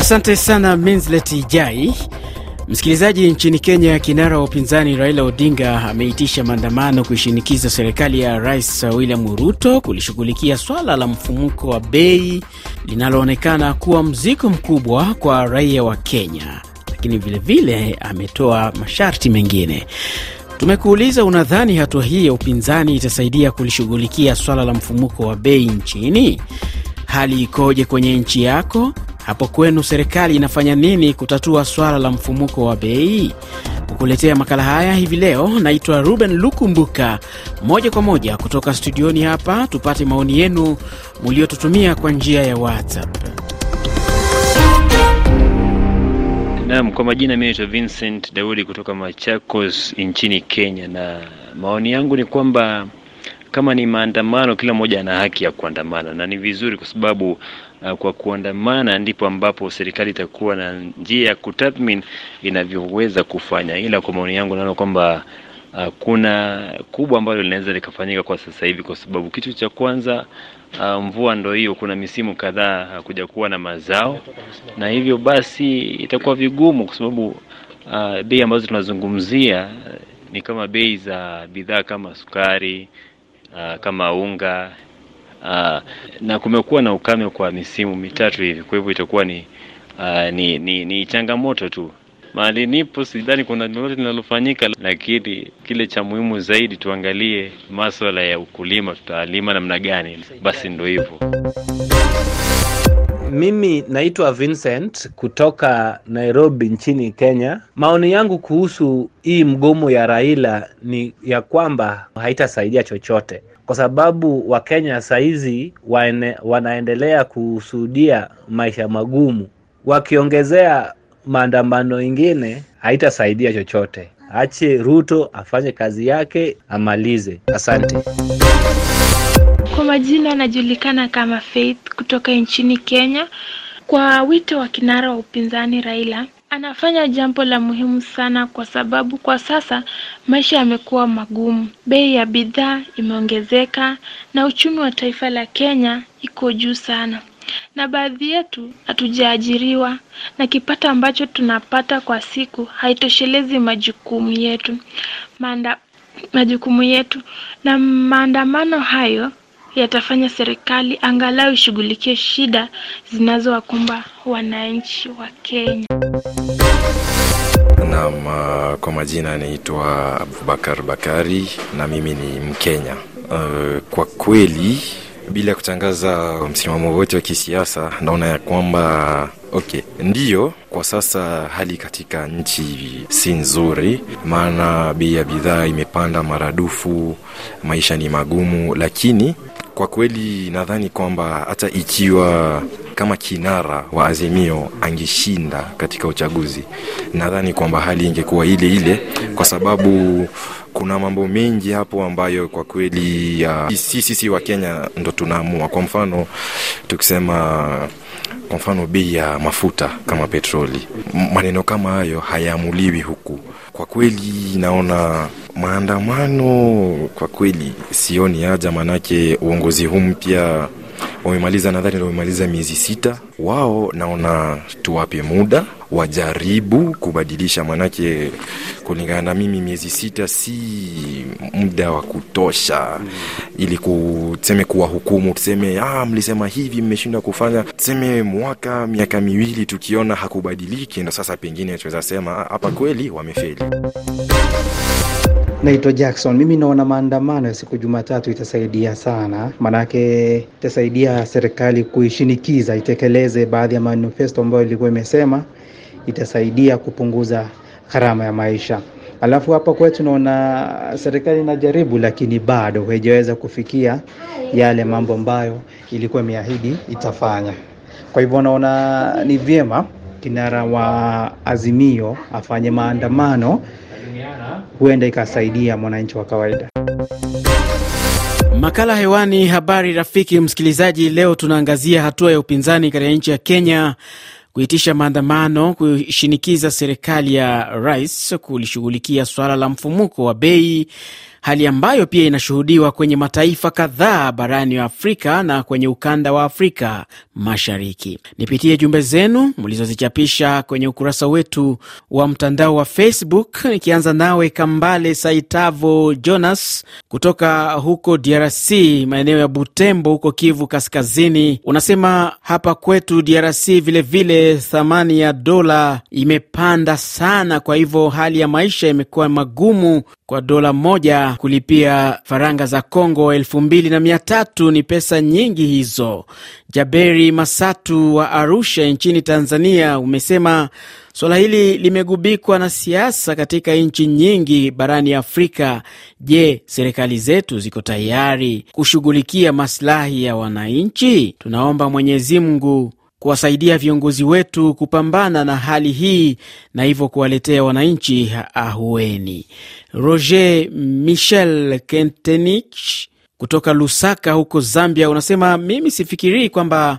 Asante sana Minslet Ijai. Msikilizaji, nchini Kenya, kinara wa upinzani Raila Odinga ameitisha maandamano kuishinikiza serikali ya Rais William Ruto kulishughulikia swala la mfumuko wa bei linaloonekana kuwa mzigo mkubwa kwa raia wa Kenya, lakini vilevile ametoa masharti mengine. Tumekuuliza, unadhani hatua hii ya upinzani itasaidia kulishughulikia swala la mfumuko wa bei nchini? Hali ikoje kwenye nchi yako? Hapo kwenu serikali inafanya nini kutatua swala la mfumuko wa bei? Kukuletea makala haya hivi leo, naitwa Ruben Lukumbuka. Moja kwa moja kutoka studioni hapa, tupate maoni yenu muliotutumia kwa njia ya WhatsApp. nam kwa majina mimi naitwa Vincent Daudi kutoka Machakos nchini Kenya, na maoni yangu ni kwamba kama ni maandamano, kila mmoja ana haki ya kuandamana na ni vizuri kwa sababu uh, kwa kuandamana ndipo ambapo serikali itakuwa na njia ya kutathmini inavyoweza kufanya. Ila kwa maoni yangu naona kwamba uh, kuna kubwa ambalo linaweza likafanyika kwa sasa hivi, kwa sababu kitu cha kwanza uh, mvua ndo hiyo, kuna misimu kadhaa hakuja kuwa na mazao, na hivyo basi itakuwa vigumu, kwa sababu uh, bei ambazo tunazungumzia ni kama bei za bidhaa kama sukari uh, kama unga uh, na kumekuwa na ukame kwa misimu mitatu hivi, kwa hivyo itakuwa ni, uh, ni, ni, ni changamoto tu. Mahali nipo sidhani kuna lolote linalofanyika, lakini kile cha muhimu zaidi tuangalie maswala ya ukulima, tutalima namna gani? Basi ndo hivyo. Mimi naitwa Vincent kutoka Nairobi nchini Kenya. Maoni yangu kuhusu hii mgomo ya Raila ni ya kwamba haitasaidia chochote kwa sababu Wakenya saizi wanaendelea kusudia maisha magumu. Wakiongezea maandamano ingine haitasaidia chochote. Ache Ruto afanye kazi yake amalize. Asante. Kwa majina anajulikana kama Faith kutoka nchini Kenya kwa wito wa kinara wa upinzani Raila anafanya jambo la muhimu sana kwa sababu kwa sasa maisha yamekuwa magumu, bei ya bidhaa imeongezeka na uchumi wa taifa la Kenya iko juu sana, na baadhi yetu hatujaajiriwa na kipato ambacho tunapata kwa siku haitoshelezi majukumu yetu Manda, majukumu yetu na maandamano hayo yatafanya serikali angalau ishughulikie shida zinazowakumba wananchi wa Kenya. Naam, uh, kwa majina anaitwa Abubakar Bakari na mimi ni Mkenya. Uh, kwa kweli bila kutangaza msimamo wote wa kisiasa, naona ya kwamba okay, ndiyo kwa sasa hali katika nchi si nzuri, maana bei ya bidhaa imepanda maradufu, maisha ni magumu, lakini kwa kweli nadhani kwamba hata ikiwa kama kinara wa Azimio angeshinda katika uchaguzi, nadhani kwamba hali ingekuwa ile ile, kwa sababu kuna mambo mengi hapo ambayo kwa kweli sisi uh, si, si, si, wa Kenya ndo tunaamua. Kwa mfano tukisema kwa mfano bei ya mafuta kama petroli. Maneno kama hayo hayaamuliwi huku. Kwa kweli naona maandamano, kwa kweli sioni haja, maanake uongozi huu mpya wamemaliza, nadhani ndo wamemaliza miezi sita. Wao naona tuwape muda wajaribu kubadilisha, maanake kulingana na mimi miezi sita si muda wa kutosha ili kuseme kuwahukumu, tuseme ah, mlisema hivi, mmeshindwa kufanya. Tuseme mwaka miaka miwili, tukiona hakubadiliki, ndo sasa pengine tunaweza sema ah, hapa kweli wamefeli. Naitwa Jackson. Mimi naona maandamano ya siku Jumatatu itasaidia sana, maanake itasaidia serikali kuishinikiza itekeleze baadhi ya manifesto ambayo ilikuwa imesema itasaidia kupunguza gharama ya maisha. Alafu hapa kwetu naona serikali inajaribu, lakini bado haijaweza kufikia yale mambo ambayo ilikuwa imeahidi itafanya. Kwa hivyo naona ni vyema kinara wa Azimio afanye maandamano huenda ikasaidia mwananchi wa kawaida. Makala hewani, habari rafiki msikilizaji. Leo tunaangazia hatua ya upinzani katika nchi ya Kenya kuitisha maandamano kushinikiza serikali ya rais kulishughulikia suala la mfumuko wa bei hali ambayo pia inashuhudiwa kwenye mataifa kadhaa barani Afrika na kwenye ukanda wa Afrika Mashariki. Nipitie jumbe zenu mlizozichapisha kwenye ukurasa wetu wa mtandao wa Facebook, nikianza nawe Kambale Saitavo Jonas kutoka huko DRC, maeneo ya Butembo huko Kivu Kaskazini. Unasema hapa kwetu DRC vilevile vile, thamani ya dola imepanda sana, kwa hivyo hali ya maisha imekuwa magumu kwa dola moja kulipia faranga za Kongo elfu ni pesa nyingi hizo. Jaberi Masatu wa Arusha nchini Tanzania umesema suala hili limegubikwa na siasa katika nchi nyingi barani Afrika. Je, serikali zetu ziko tayari kushughulikia masilahi ya wananchi? Tunaomba Mwenyezi Mungu kuwasaidia viongozi wetu kupambana na hali hii na hivyo kuwaletea wananchi ahueni. Roger Michel Kentenich kutoka Lusaka huko Zambia unasema, mimi sifikirii kwamba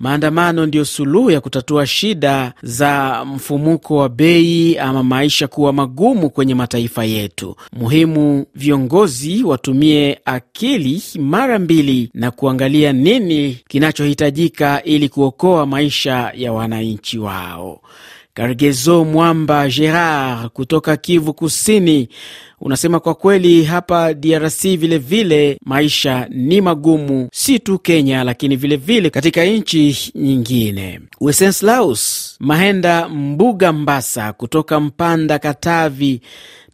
Maandamano ndiyo suluhu ya kutatua shida za mfumuko wa bei ama maisha kuwa magumu kwenye mataifa yetu. Muhimu viongozi watumie akili mara mbili na kuangalia nini kinachohitajika ili kuokoa maisha ya wananchi wao. Kargezo Mwamba Gerard kutoka Kivu Kusini unasema kwa kweli hapa DRC vilevile vile, maisha ni magumu, si tu Kenya, lakini vilevile vile katika nchi nyingine. Wesenslaus Mahenda Mbuga Mbasa kutoka Mpanda, Katavi,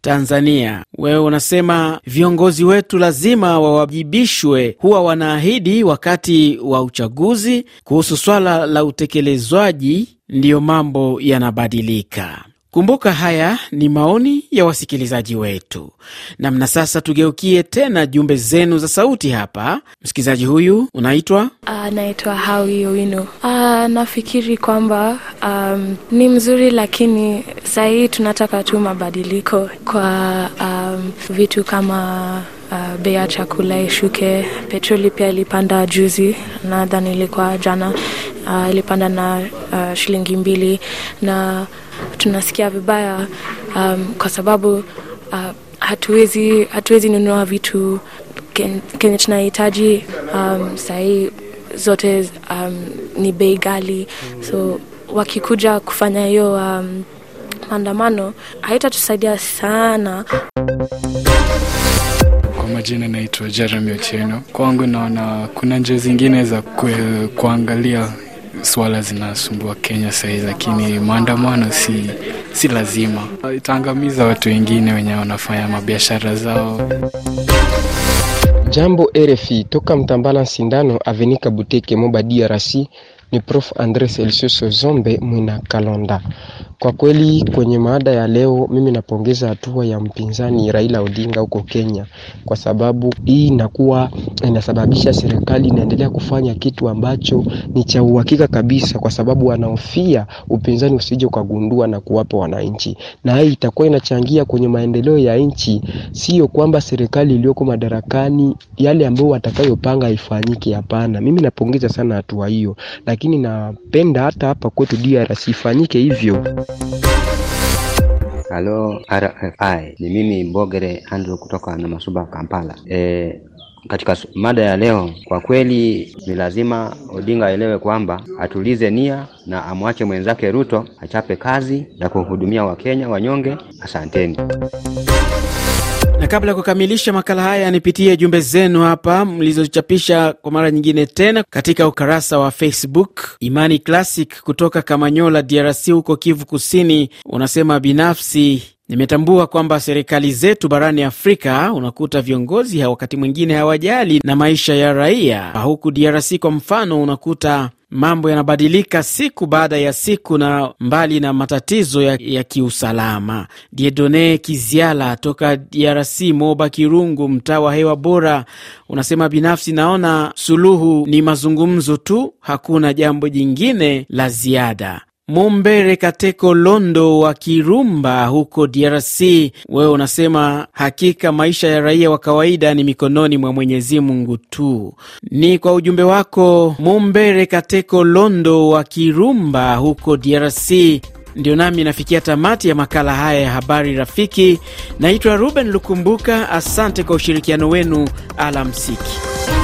Tanzania, wewe unasema viongozi wetu lazima wawajibishwe, huwa wanaahidi wakati wa uchaguzi. Kuhusu swala la utekelezwaji, ndiyo mambo yanabadilika. Kumbuka, haya ni maoni ya wasikilizaji wetu. Namna sasa, tugeukie tena jumbe zenu za sauti hapa. Msikilizaji huyu unaitwa anaitwa ah, uh, Hawi Owino. Uh, nafikiri kwamba um, ni mzuri, lakini sahii tunataka tu mabadiliko kwa um, vitu kama Uh, bei ya chakula ishuke. Petroli pia ilipanda juzi, nadhani ilikuwa jana, uh, ilipanda na uh, shilingi mbili na tunasikia vibaya um, kwa sababu uh, hatuwezi, hatuwezi nunua vitu kenye ken, tunahitaji um, sahii zote um, ni bei gali so wakikuja kufanya hiyo um, maandamano haitatusaidia sana. Kwa majina naitwa Jeremy Otieno. Kwangu naona kuna njia zingine za kwe, kuangalia swala zinasumbua Kenya sahii, lakini maandamano si, si lazima. Itaangamiza watu wengine wenye wanafanya mabiashara zao. Jambo RFI toka Mtambala Sindano Avenika Buteke Moba DRC ni Prof andres Celsius Zombe Mwina Kalonda. Kwa kweli kwenye maada ya leo, mimi napongeza hatua ya mpinzani Raila Odinga huko Kenya, kwa sababu hii inakuwa inasababisha serikali inaendelea kufanya kitu ambacho ni cha uhakika kabisa, kwa sababu wanaofia upinzani usije ukagundua na kuwapa wananchi, na hii itakuwa inachangia kwenye maendeleo ya nchi. Sio kwamba serikali iliyoko madarakani yale ambayo watakayopanga ifanyike, hapana. Mimi napongeza sana hatua hiyo, lakini napenda hata hapa kwetu DRC ifanyike hivyo. Halo RFI, ni mimi Mbogere Andrew kutoka na Masuba Kampala. E, katika mada ya leo, kwa kweli ni lazima Odinga aelewe kwamba atulize nia na amwache mwenzake Ruto achape kazi ya kuhudumia Wakenya wanyonge. Asanteni. Na kabla ya kukamilisha makala haya, nipitie jumbe zenu hapa mlizochapisha kwa mara nyingine tena katika ukarasa wa Facebook. Imani Classic kutoka Kamanyola, DRC, huko Kivu Kusini, unasema binafsi nimetambua kwamba serikali zetu barani Afrika unakuta viongozi wakati mwingine hawajali na maisha ya raia. Huku DRC kwa mfano, unakuta Mambo yanabadilika siku baada ya siku, na mbali na matatizo ya, ya kiusalama, Diedone Kiziala toka DRC, Moba Kirungu, mtaa wa hewa bora, unasema binafsi naona suluhu ni mazungumzo tu, hakuna jambo jingine la ziada. Mumbere Kateko Londo wa Kirumba huko DRC, wewe unasema hakika maisha ya raia wa kawaida ni mikononi mwa Mwenyezi Mungu tu. Ni kwa ujumbe wako Mumbere Kateko Londo wa Kirumba huko DRC. Ndio nami nafikia tamati ya makala haya ya habari rafiki. Naitwa Ruben Lukumbuka, asante kwa ushirikiano wenu. Alamsiki.